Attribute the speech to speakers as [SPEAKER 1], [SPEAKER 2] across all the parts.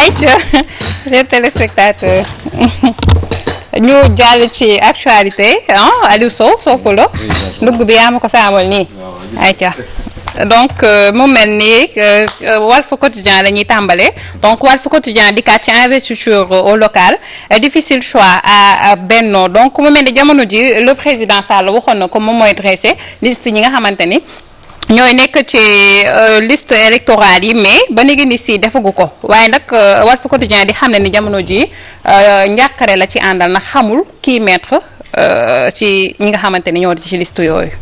[SPEAKER 1] ayca les téléspectateurs ñu jàll ci actualité ah Aliou Sow Sokolo ndugg bi yaa ma ko saamal nii ca donc euh, mu mel ni wal euh, Walf Quotidien la ñuy tàmbalee donc Walf Quotidien di kat ci investiture au local difficile choix à Benno donc mu mel ni jamono ji le président Sall waxoon na ko moom mooy dressé liste ñi nga xamante ni ñooy nekk ci euh, liste électorale yi mais ba léegi ni si defagu ko waaye nag euh, Walf Quotidien di xam ne ni jamono ji euh, njàqare la ci àndal na xamul kii mettre ci ñi nga xamante ni ñoo di ci liste yooyu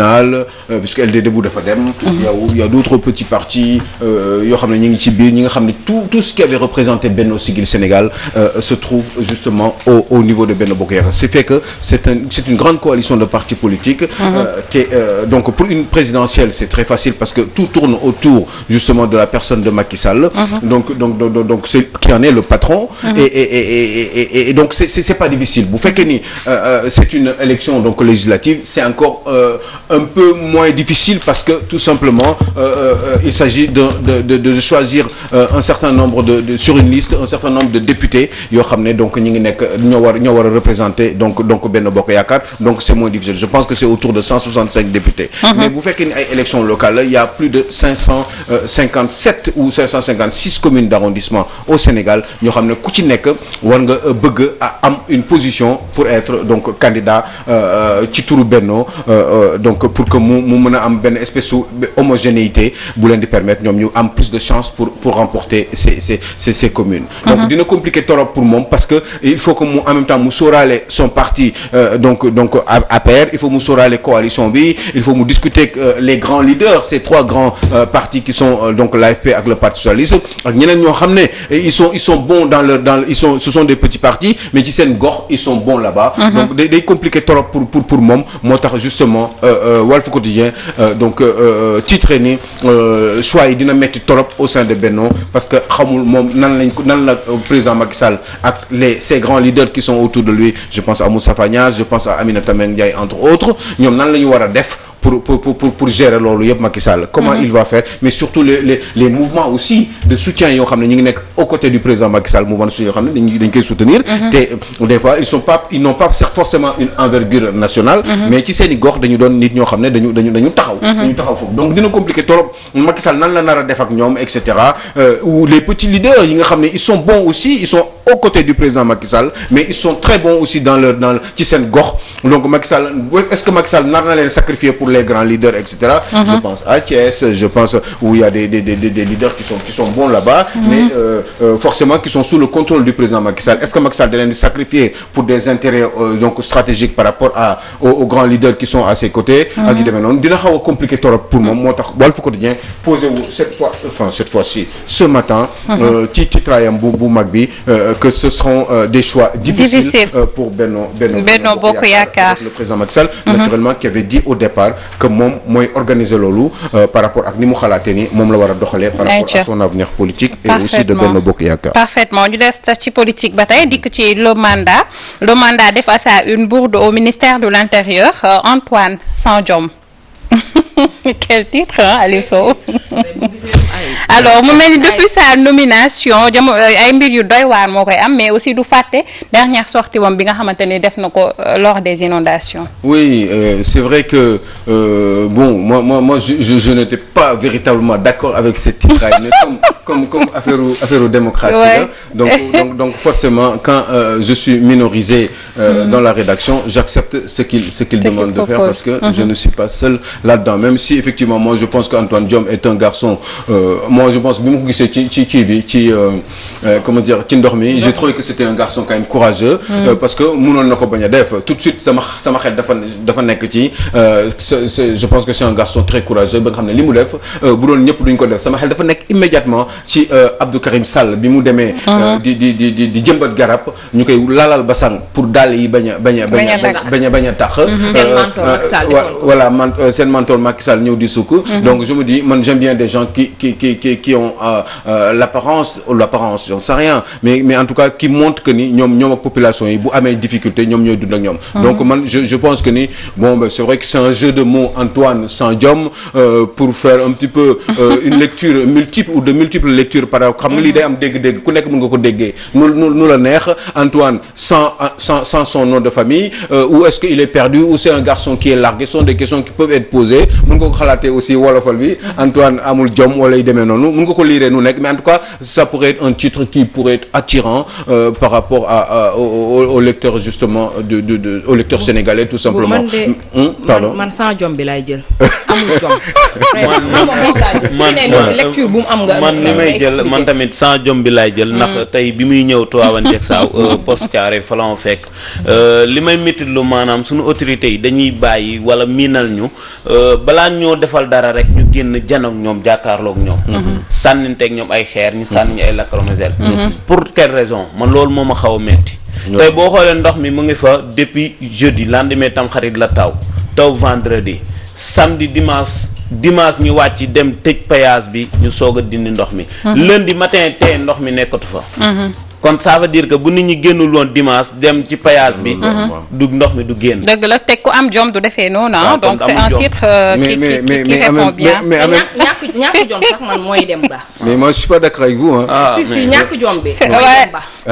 [SPEAKER 2] nationale euh, parce que LD Debout dafa dem mhm. yow y a d'autres euh, tout ce qui avait représenté Benno Siggil Sénégal euh, se trouve au niveau de Benno Bokk Yaakaar c'est une grande coalition de partis politiques mhm. te donc une présidentielle c'est très facile parce que tout tourne autour justement de la personne c'est une élection législative c'est encore un peu moins difficile parce que tout simplement euh, euh, il s'agit de de de choisir euh, un certain nombre de, sur une liste un certain nombre xam ne donc ñi ngi nekk ñoo war ñoo war a représenter donc donc benn yaakaar donc c'est moins difficile je pense que c'est autour de 165 députés uh mm-hmm. -huh. mais euh, a plus de 557 euh, ou 556 communes d'arrondissement au ñoo xam ne ku ci nekk war nga bëgg a une position pour être donc candidat ci turu Benno donc donc pour que mu mu mën a am benn espèce su homogénéité bu leen di permettre ñoom ñu am plus de chance pour remporter ces communes. Mm-hmm. donc dina compliqué trop pour moom parce que il faut que mu en même temps mu sóoraale euh, il faut mu sóoraale coalition bi il faut mu discuter euh, les grands leaders ces trois grands euh, partis qui sont l'AFP ak le parti socialiste ak ñeneen ñoo xam ne ils sont ils sont bons dans leur dans ils mais ci seen gox ils sont bons là-bas. Mm-hmm. donc day day compliqué pour pour pour moom moo Euh, Walf Quotidien euh, donc euh, titre ni choix yi dina metti trop au sein de Benno parce que xamul moom nan lañ ko nan la président Macky Sall ak les ces grands leaders qui sont autour de lui je pense à Moustapha Niasse je pense à Aminata Mbengue Ndiaye entre autres ñoom nan la ñu war a def pour gérer loolu yëpp Macky comment mhm. il va faire mais surtout les les les mouvements aussi de soutien yoo xam ne ñu ngi nekk aux côtés du président Macky mouvement de soutien yoo xam ne dañuy koy soutenir. Mhm. te des fois ils n'ont pas forcément une envergure nationale. Mhm. mais ci seen dañu doon nit ñoo xam ne dañu dañu taxaw. dañu taxaw foofu donc dina compliqué trop Macky nan la nar def ak ñoom et euh, ou les petits leaders yi nga xam ne ils sont bons aux côtés du président Macky Sall mais ils sont très bons aussi dans leur dans ci seen gox donc Macky Sall est-ce que sacrifier pour les grands leaders et mm-hmm. je pense à Thiès je a des des des des leaders qui sont qui sont bons là-bas. Mm-hmm. mais euh, euh, forcément qui sous le contrôle du président Macky est-ce que Macky Sall da pour des intérêts euh, donc stratégiques par rapport aux grands leaders qui sont à ses côtés. Mm-hmm. ak compliqué trop pour moom moo tax Walf Quotidien posé wu cette fois cette fois-ci ce matin. ci bi. que ce seront euh, des choix difficiles euh, pour Benno Benno Benno Bokk Yaakaar le président Macky Sall mhm. naturellement qui avait dit au départ que moom mooy loolu euh, par rapport ak ni mu xalaatee ni moom la war a doxalee par rapport à son avenir politique et aussi de Benno Bokk Yaakaar
[SPEAKER 1] parfaitement ñu des ci politique ba tey dikk ci le mandat le mandat def à sa une bourde au ministère de l'intérieur Antoine Sandiome quel titre hein alors mu mel ni depuis sa nomination jamono euh, ay mbir yu doy moo koy am mais aussi du fàtte dernière sortie wam bi nga xamante ne def na ko euh, lors des inondations.
[SPEAKER 2] oui euh, c'est vrai que euh, bon moi moi moi je je, je n'étais pas véritablement d'accord avec cette titraille mais comme comme comme affaire affaire démocratie ouais. donc donc donc forcément quand euh, je suis minorisé euh, mm. Mm-hmm. dans la rédaction j'accepte ce qu'il demande de faire parce que mm -hmm. je mm-hmm. ne suis pas seul là-dedans même si effectivement je pense qu'Antoine Diome est un garçon moi je pense bi ma ko gisee ci ci kii bi ci euh, euh, comment dire ci ndox mi j'ai trouvé que c'était un garçon quand même courageux mm. euh, parce que mënoon na ko bañ def tout de suite sama sama xel dafa dafa nekk ci je pense que c'est un garçon très courageux ba nga xam ne li mu def bu doon ñëpp duñ ko def sama xel dafa nekk immédiatement ci Abdou Karim Sall bi mu demee ah. di di di di garab ñu koy lalal basang pour dàll yi bañ a bañ a a a a tax mm-hmm. voilà man seen mentor Macky Sall ñëw di sukk mm-hmm. donc je me dis man j'aime qui qui ont euh, euh, l'apparence l'apparence j'en sais rien mais mais en tout cas qui montre que ni ñoom population yi bu difficulté ñoom ñooy dund ak ñoom mm-hmm. donc je pense que ni c'est vrai que c'est un jeu de mots Antoine Sandiome euh, pour faire un petit peu euh, une lecture multiple ou de multiples lectures par xam nga lii mm-hmm. day am dégg-dégg ku nekk mën nga ko déggee nu nu nu Antoine sans son nom de famille euh, ou est-ce que est perdu ou c'est un garçon qui est largué noonu mën nga ko lire nu nekk mais en tout cas ça pourrait être un titre qui pourrait être attirant euh, par rapport à, au, au lecteur justement du du du au lecteur sénégalais tout simplement. man de hmm, man
[SPEAKER 3] sans jom bi laay jël amul jom. man
[SPEAKER 2] tamit sans jom bi laay jël. ndax hmm. tey bi muy ñëw Tivaouane Diacksao euh, hmm. poste Thiaré fa la ma fekk euh, li may métti lu maanaam suñu autorité yi dañuy bàyyi wala miinal ñu euh, balaa ñoo defal dara rek ñu génn janoog ñoom jàkkaarloog ñoom. sànninteeg ñoom ay xeer ñu sànni ñu ay lacrymogène mhm. pour quelle raison ma loolu moo ma xaw a metti tey boo xoolee ndox mi mu ngi fa depuis jeudi lendemain tam xarit la taw taw vendredi samedi dimanche dimanche ñu wàcc dem tëj payage bi ñu soog a dindi ndox mi mhm. lundi matin tey ndox mi nekkatu fa mhm. kon ça veut dire que bu nit ñi génnul woon dimanche dem ci péage bi. Mm-hmm. du ndox mi du génn.
[SPEAKER 1] dëgg la teg ku am jom du defee noonu ah. donc c'est un titre euh, qui qui qui mais mais ñàkk ñàkk jom mooy dem ba.
[SPEAKER 2] mais moi je suis pas d'accord avec vous ah,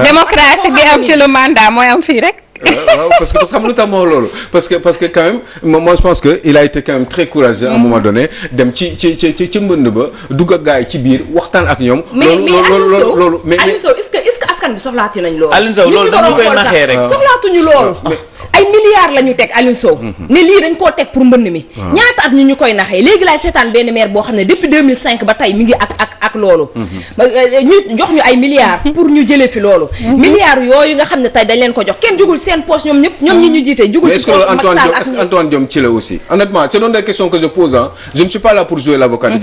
[SPEAKER 1] démocratie bi am ci le mandat mooy am fii rek. Euh,
[SPEAKER 2] waaw parce que parce xam nga lu tax loolu parce que parce que quand même moi je pense que il a été quand même très courageux un mm-hmm. moment donné dem ci ci ci ci mbënd ba dugg ak gars ci biir waxtaan ak ñoom. loolu loolu mais mais
[SPEAKER 3] askan bi soxlaati nañ loolu. Alioune Sow loolu dañu ay milliards la teg Alioune Sow. ne mhm. lii dañ koo teg pour mbënd mi. ñaata at ñu ñu koy naxee léegi laay seetaan benn maire boo xam ne depuis ba tey mi ngi ak ak loolu. Mhm. Euh, jox ñu ay milliards. pour ñu jëlee fi loolu. Mhm. milliards yooyu nga xam ne tey dañ leen ko jox kenn jugul seen poche ñoom ñëpp
[SPEAKER 1] ñoom ñi ñu jiite. jugul ci poche Macky Sall ak
[SPEAKER 2] est ci la aussi honnêtement c'est l'une des questions que je pose ah je ne suis pas là pour jouer l'avocat ni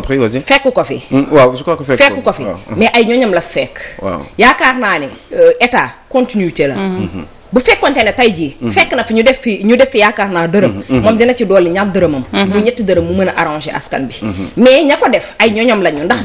[SPEAKER 2] bu compris aussi.
[SPEAKER 3] fekk ko fi.
[SPEAKER 2] Mm, waaw je crois que fekk ko fi
[SPEAKER 3] mais ay ñoñam la fekk. waaw yaakaar naa ne euh, état continuité la. Mm-hmm. Mm-hmm. bu fekkoonte ne tey jii mhm. fekk na fi ñu def fi ñu def yaakaar naa dërëm mhm, mhm. moom dina ci dolli ñaar dërëmam muy ñetti dërëm mu mën a arrangé askan bi mais ña ko def ay ñoñom lañu ndax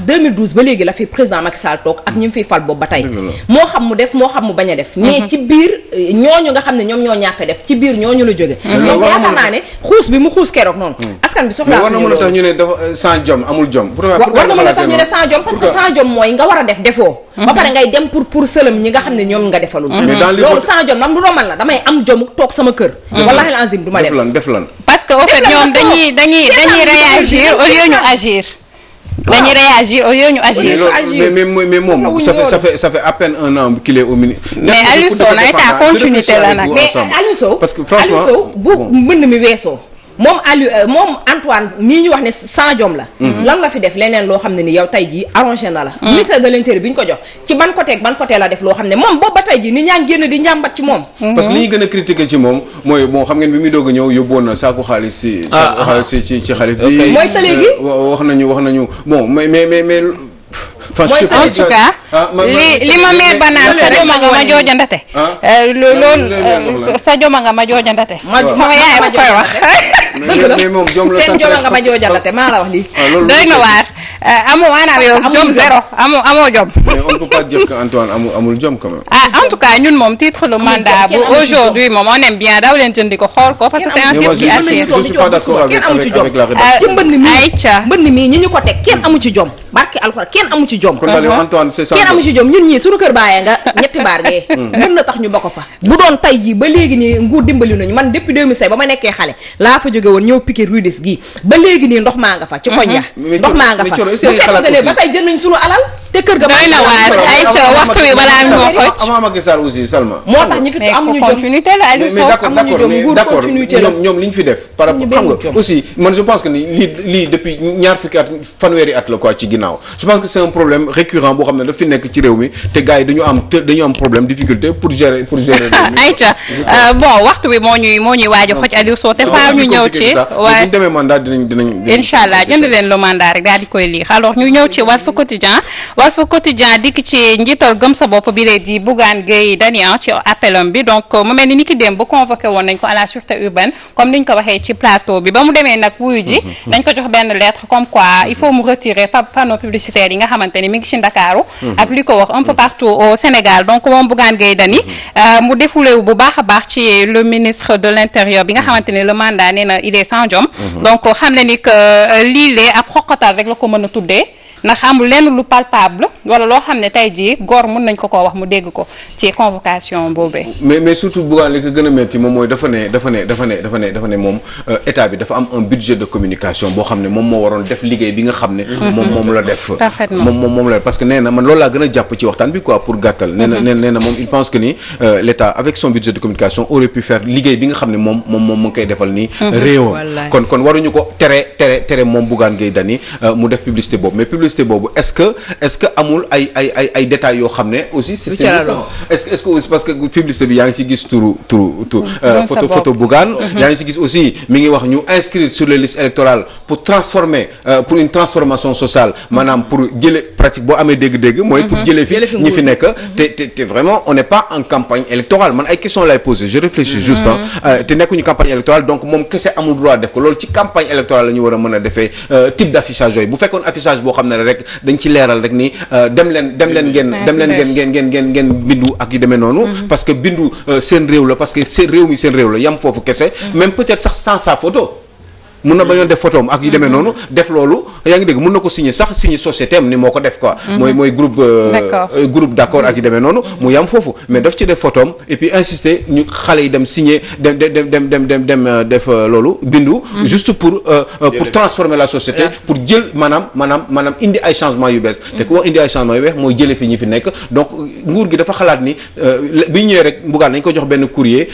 [SPEAKER 3] ba léegi la fi président Macky Sall toog ak ñi mu fiy fal boobu ba tey moo xam mu def moo xam mu bañ a def mais ci biir euh, ñooñu nga xam ne ñoom ñoo ñàkk def ci biir ñooñu la jóge donc yaakaar naa ne xuus bi mu xuus keroog noonu askan bi soxla war na mën a
[SPEAKER 2] tax ñu amul jom war na mën a tax ñu ne euh,
[SPEAKER 3] sans a def defoo ba pare ngay pour pour nga xam ne ñoom nga defalul loolu bu doon man la damay am jom toog sama kër. Mhm. wallaahi lazim du ma def def lan def lan. parce que au fait ñoom dañuy dañuy réagir au lieu ñu
[SPEAKER 1] agir. dañuy réagir au lieu ñu agir. mais mais moom ça fait
[SPEAKER 2] ça fait ça un an qu'il est au ministère. mais Aliou Sow na état continuité la nag mais
[SPEAKER 1] Aliou
[SPEAKER 3] que franchement bu mbënd mi weesoo. moom Aliou euh, moom Antoine mii ñu wax ne sans jom la. Mhm. lan la fi def leneen loo xam ne ni yow tey jii arrangé na la. Mhm. ministère de l'intérieur bi ñu ko jox ci ban côté ak ban côté la def loo xam ne moom boobu ba tey jii nit ñaa ngi génn di njàmbat ci moom. Mhm. parce que li ñu
[SPEAKER 2] gën a critiqué ci moom mooy bon xam ngeen bi muy doog ñëw yóbbuwoon na saako xaalis si. Ah, ah xaalis si ci xaalis bi. mooy tële gi euh, wax nañu wax nañu bon mais mais mais. en tout cas li ah, li ma meer ba naan sa joma nga ma jooja ndate
[SPEAKER 1] loolu sa joma nga ma jooja ndate sama yaay ma koy wax seen joma nga ma jooja ndate maa la wax lii ah, doy na waar eh, amoo maanaam yow jom zéro amoo amoo jom a on peut
[SPEAKER 2] pas dire que Antoine
[SPEAKER 1] ah, en tout cas ñun moom titre le mandat bu aujourd'hui moom on aime daaw leen jëndi ko xool ko parce que c'est un titre qui mbënn
[SPEAKER 3] mii mbënn ñu ko teg kenn amu ci jom barke alxuraan kenn amu ci jom jom kon daal Antoine c'est kenn amu ci jom ñun ñii suñu kër bàyyee nga ñetti baar gee hmm. mën na tax ñu bokk fa bu doon tay ji ba léegi nii nguur dimbali nañu man depuis 2007 ba ma nekkee xale laa fa jóge woon ñëw piqué rudis gii ba léegi nii ndox maa nga fa ci koñ ya ndox maa nga fa bu fekkee ne ba tay jël nañ suñu alal te kër na waar
[SPEAKER 1] ay coow waxtu wi balaa moo xoj
[SPEAKER 2] avant Macky Sall aussi Salma
[SPEAKER 1] moo tax ñi fi am continuité la Aliou Sow
[SPEAKER 2] am ñu jom ci ginnaaw je pense que c'est problème récurrent boo xam ne daf nekk ci réew mi te gars dañu am problème difficulté pour gérer pour gérer
[SPEAKER 1] ayca euh, waxtu bi moo ñuy moo ñuy waaj a xoj te faaw ñu ñëw ci waaye ñu
[SPEAKER 2] demee mandat dinañ dinañ incha allah jënd leen lu
[SPEAKER 1] mandat rek daal koy lii alors ñu ñëw ci Walf Quotidien Walf Quotidien dikk ci njiital gëm sa bopp bi lee di Bougane Gueye Dany ah, ci appelam bi donc mu mel ni ni ki démb convoqué woon nañ ko à la sûreté urbaine comme niñ ko waxee ci plateau bi ba mu demee nag wuyu ji mhm. dañ ko jox benn lettre comme quoi il faut mu retirer panneau publicitaire yi nga xamante ni mi ngi ci Ndakaaru mhm. ak li ko wax un peu partout au Sénégal donc moom Bougane Gueye Dany mhm. euh, mu défoulé wu bu baax a baax ci le ministre de l'intérieur bi nga xamante ni le mandat nee na il est sans jom donc xam ni que euh, lii lee ab xoqatal rek la ko mën a tuddee ndax amul lenn lu palpable wala loo xam ne tey jii góor mun nañ ko koo wax mu dégg ko ci convocation boobee.
[SPEAKER 2] mais mais surtout Bougane li ko gën a métti euh, mhm. moom moom mhm. euh, état koy defal nii. Mhm. réewam kon kon waruñu ko tere tere moom Bougane Gueye Dany euh, mu def publicité boobu complexité boobu est-ce que est-ce que amul ay ay yoo xam ne aussi c'est saisissant est-ce parce que publicité bi yaa ngi ci gis turu turu mmh. euh, photo photo mmh. yaa ngi ci gis aussi mi ngi wax ñu inscrire sur les listes électorales pour transformer euh, pour une transformation sociale mmh. maanaam pour jële pratique boo amee dégg-dégg mooy pour jële fi ñi fi nekk te te vraiment on n'est pas en campagne électorale man ay questions lay poser je réfléchis juste euh, te nekkuñu campagne ne rek dañ ci leeral rek ni euh, dem leen dem leen ngeen dem leen ngeen ngeen ngeen ngeen ngeen bindu ak yu demee noonu mhm. parce que bindu euh, seen réew la parce que seen réew mi seen réew la yam foofu kese mhm. même peut-être sax sans sa photo mun na bañoon mm-hmm. def photo ak yu demee mm-hmm. noonu def loolu yaa ngi dégg mun na ko signer sax signer société am ni moo ko def quoi mm-hmm. mooy mooy groupe euh, euh, groupe d'accord ak yu demee noonu mu yam foofu mais daf ci def photo am et puis insister ñu xale yi dem signer dem dem dem dem dem dem euh, def loolu bindu juste pour pour transformer la société pour jël maanaam maanaam maanaam indi ay changement yu bees te ku wax indi ay changement yu bees mooy jële fi ñu fi nekk donc nguur gi dafa xalaat ni bi ñëwee rek mbugaan nañ ko jox benn courrier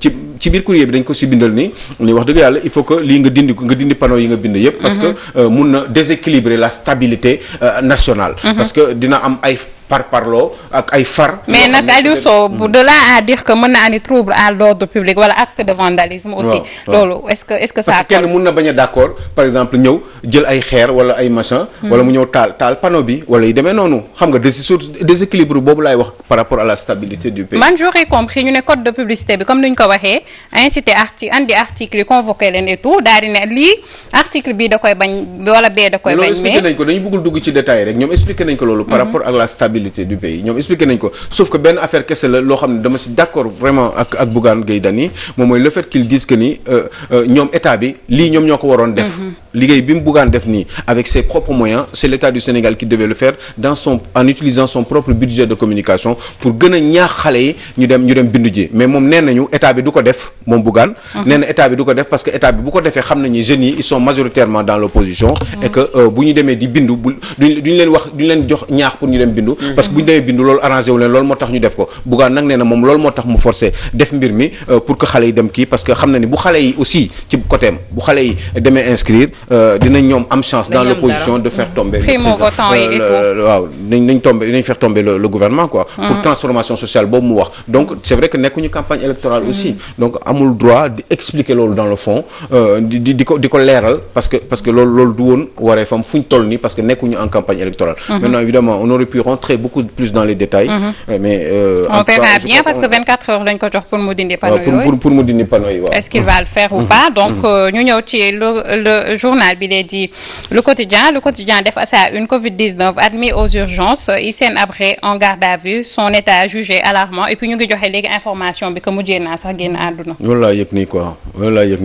[SPEAKER 2] ci ci biir courrier bi dañ ko si bindal nii ni wax dëgg yàlla il faut que lii nga dindi nga dindi panneau yi nga bind yëpp parce que mhm. euh, mun na déséquilibrer la stabilité euh, nationale mhm. parce que dina am ay par parloo ak ay far. mais nag Aliou Sow hmm.
[SPEAKER 1] de là à dire que mën na andi trouble à l'ordre public wala acte de vandalisme. aussi loolu est-ce que est kenn
[SPEAKER 2] mun na bañ a d'accord par exemple ñëw jël ay xeer wala ay machin. Hmm. wala mu ñëw taal taal panneau bi wala yu demee noonu xam nga des surtout déséquilibre boobu laay wax par rapport à la stabilité du pays. man
[SPEAKER 1] ne code de publicité bi comme ni da koy bañ wala loolu expliqué nañ
[SPEAKER 2] ko dañu bëggul dugg ci détail rek ñoom expliqué stabilité du pays ñoom expliqué nañ ko sauf que benn affaire kese la loo xam ne dama si d'accord vraiment ak ak Bougane Gueye moom mooy le qu'il dise que euh, euh, ñoom état bi lii ñoom ñoo ko waroon def mhm. liggéey bi mu Bougane def nii avec ses propres moyens c'est l'état du Sénégal qui devait le faire dans son en utilisant son propre budget de communication pour gën ñaax xale yi ñu dem bindu ji mais moom nee nañu état bi du ko def moom Bougane mhm. nee état bi du Mm-hmm. parce que bu ñu demee bindu loolu arrangé leen loolu moo tax ñu def ko buggaan nag nee moom loolu moo tax mu forcé def mbir mi euh, pour que xale yi dem kii parce que xam na ni bu xale yi aussi ci côté am bu xale yi demee inscrire euh, dina ñoom am chance dans l'opposition de faire tomber euh, nañ nañ tomber nañ faire tomber le gouvernement quoi mm-hmm. pour transformation sociale boobu mu wax donc c'est vrai que nekkuñu campagne électorale aussi mm-hmm. donc amul droit di expliquer loolu dans le fond di di ko di ko leeral parce que parce que loolu loolu du woon waree fam fu ñu toll en campagne électorale rentrer beaucoup plus dans les détails. Mhm. Euh, parce que
[SPEAKER 1] 24 heures lañ ko jox pour mu dindi panneau yooyu.
[SPEAKER 2] pour est-ce qu'il va le faire ou mhm. pas mhm. donc
[SPEAKER 1] euh, ñu ñëw ci le journal bi lay le quotidien le quotidien def Covid admis aux urgences Hissène Habré en garde à vue son état jugé alarmant et puis ñu ngi joxe léegi information bi que mujjee naa sax génn àdduna.
[SPEAKER 2] loolu laa yëg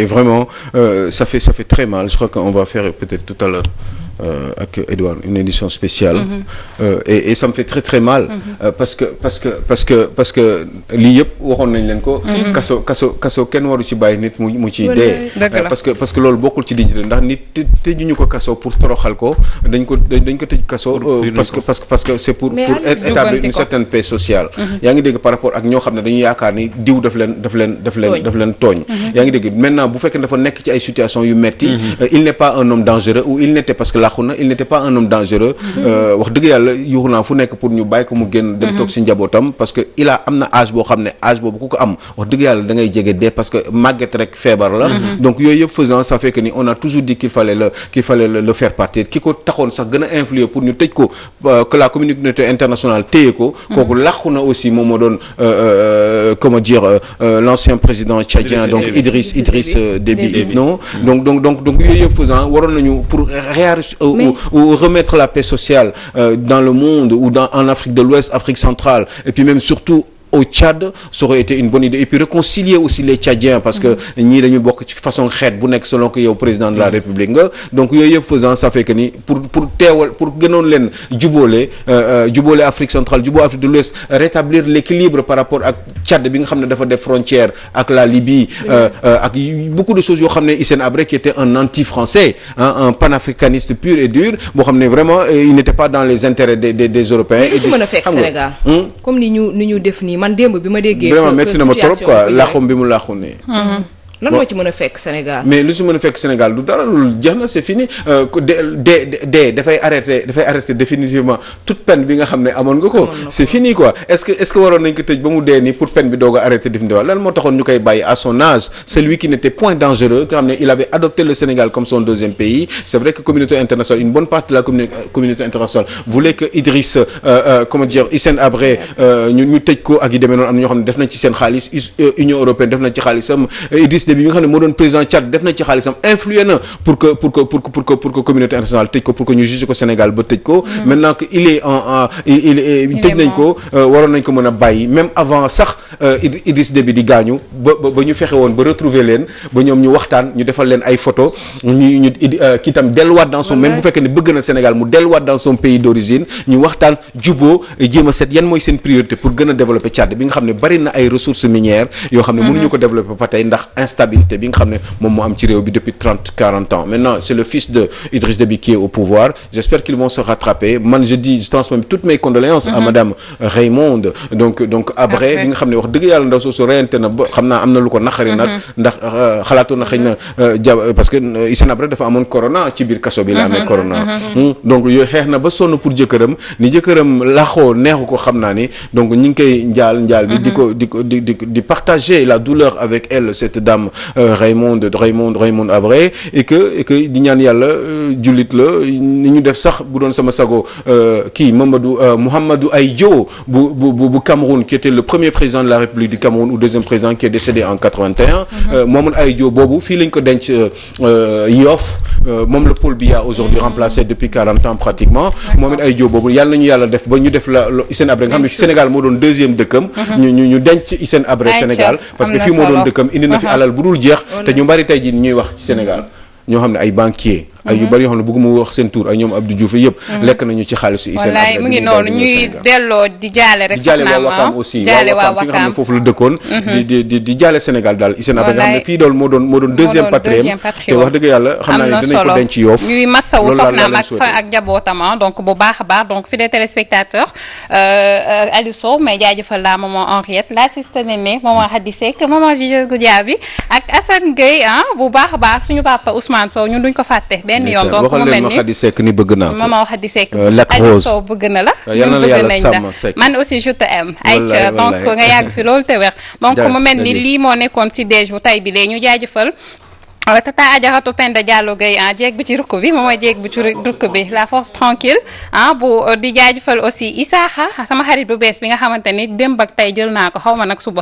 [SPEAKER 2] et vraiment euh, ça fait très mal je crois qu'on va faire peut-être tout à l'heure Euh, ak Edouard une édition spéciale. Mm-hmm. Euh, et et ça fait très très mal. Mm-hmm. Euh, parce que parce que parce que lii yëpp waxoon nañ leen ko. Mm-hmm. kaso kaso kaso kenn waru ci bàyyi nit mu mu ciy dee. parce que loolu bokkul ci dignité ndax nit tëjuñu ko kaso pour toroxal ko ko dañ ko tëj kaso. parce que c'est pour pour établir une certaine paix sociale. yaa ngi dégg par rapport ak ñoo xam ne dañu yaakaar ni diw daf leen daf leen tooñ. yaa ngi dégg maintenant bu fekkee dafa nekk ci ay situation làqu na il n'était pas un homme dangereux mhm. euh, wax dëgg yàlla yuuxu naa fu nekk pour ñu bàyyi ko mu génn dem toog mhm. si njabootam parce que il am na âge boo xam ne âge boobu ku ko am wax dëgg yàlla da jege dee parce que màgget rek feebar la mhm. donc yooyu yëpp faisant ça fait que ni on a toujours dit qu'il fallait le qu'il fallait le faire partir ki ko taxoon sax gën a influer pour ñu tëj ko euh, la communauté internationale téye ko kooku làqu na aussi moom moo doon euh, comment dire président tchadien donc Idriss Idriss Déby non donc ou, mais... ou, ou remettre la paix sociale euh, dans le monde ou dans en Afrique de l'Ouest, Afrique centrale et puis même surtout au Tchad ça aurait été une bonne idée et puis réconcilier aussi les Tchadiens parce que ñii dañu bokk façon xeet bu nekk selon que yow président de la République nga donc yooyu yëpp faisant ça fait que pour teewal pour gënoon leen jubóole euh, euh, jubóole Afrique centrale jubóo Afrique de l'Ouest rétablir l'équilibre par rapport ak Tchad bi nga xam ne dafa def frontière ak la Libye euh, ak beaucoup de choses yoo xam ne Hissène Habré qui était un anti-français un panafricaniste xam ne vraiment il n'était pas les intérêts des des Européens
[SPEAKER 3] man démb bi ma déggee. situation trop quoi laaxum
[SPEAKER 2] bi mu laaxu ne.
[SPEAKER 3] lan moo ci mën a fekk Sénégal.
[SPEAKER 2] mais lu si mën a fekk Sénégal du dara loolu jeex na c'est fini euh, de de dafay arrêter dafay arrêter définitivement toute peine bi nga xam ne amoon nga ko. c'est fini quoi est-ce que est-ce que waroon nañ ko tëj ba mu dee nii pour peine bi doog a arrêter définitivement lan moo taxoon ñu koy bàyyi à celui qui n'était point dangereux nga xam ne il avait adopté le Sénégal comme son deuxième pays c'est vrai que communauté internationale une bonne partie de la communauté internationale complicité bi nga xam ne moo doon président Tchad def na ci xaalisam influé na pour que pour que pour que communauté internationale tëj ko pour que ñu juge ko Sénégal ba tëj ko. Mm-hmm. maintenant que il il il tëj nañ ko euh, waroon nañ ko mën a bàyyi même avant sax euh, Idriss Déby di gaañu ba ba ñu fexe woon ba retrouver leen ba ñoom ñu waxtaan ñu defal leen ay photo ñu ñu euh, kii tam delluwaat dans son même bu fekkee ne bëgg na Sénégal mu delluwaat dans son pays d'origine ñu waxtaan juboo jéem a set yan mooy seen priorité pour gën a développer Tchad bi nga xam ne bari na ay ressources minières yoo xam ne mm-hmm. mënuñu ko développer ba tey ndax stabilité bi nga xam ne moom moo am ci réew bi depuis trente quarante ans maintenant c'est le fils de Idriss Déby qui au pouvoir j'espère qu'ils vont se rattraper man je dis je transmets toutes mes condoléances à mhm. madame Raymonde donc donc bi nga xam ne wax dëgg yàlla ndaw soosu reyante na xam naa am na lu ko naqari nag mhm. ndax euh, xalaatoon na xëy na mhm. euh, euh, parce que Hissène Habré dafa amoon corona ci biir kaso bi la amee corona hmm? donc yooyu xeex na ba sonn pour jëkkëram maam euh, Raymond Raymond Raymond Abré et que et que di ñaan yàlla euh, jullit la ni ñu def sax bu doon sama sago euh, kii Mamadou Mouhamadou Ahidjo bu bu bu Cameroun qui était le premier président de la République du Cameroun ou deuxième président qui est en 81 Mamadou Ahidjo boobu fii lañ ko denc Yoff moom la Paul Biya aujourd'hui mm-hmm. remplacé depuis 40 ans pratiquement Mamadou Ahidjo boobu yàlla nañu yàlla def ba ñu def la Hissène Habré nga xam ne Sénégal moo doon deuxième dëkkam mm-hmm. ñu ñu denc bu dul jeex te ñu bari tey jii ñuy wax ci Sénégal ñoo xam ne ay banquier ay yu mhm. bari yoo xam ne bëgguma wax seen tur ay ñoom Abdou Diouf yëpp mhm. lekk nañu ci xaalisu ISEN wallaay mu ngi noonu ñuy
[SPEAKER 1] delloo di jaale rek jaale waa ah. Wakaam aussi jaale waa Wakaam fi nga xam ne
[SPEAKER 2] foofu la dëkkoon mhm. di di di ah.
[SPEAKER 1] bu baax a baax euh, euh, ah, a suñu papa Ousmane Sow ñun duñ ko fàtte benn yoon donc mu mel ni waxal
[SPEAKER 2] sekk ni bëgg naa
[SPEAKER 1] ko di sekk. lekk rose bëgg na la. Ah, yal na yàlla sàmm sekk man aussi je t'aime. ayca donc nga yàgg fi loolu te weex. donc mu mel ni lii moo nekkoon ci déj bu tay bi lee ñu jaajëfal. Euh, tata ajaratu Penda Diallo Gueye ah bi ci rukk bi moom mooy jéeg bi ci rukk bi la force tranquille ah bu euh, di jaajëfal aussi Isaaxa sama xarit bu bees bi nga xamante ni démb ak tey jël naa ko xaw ma nag suba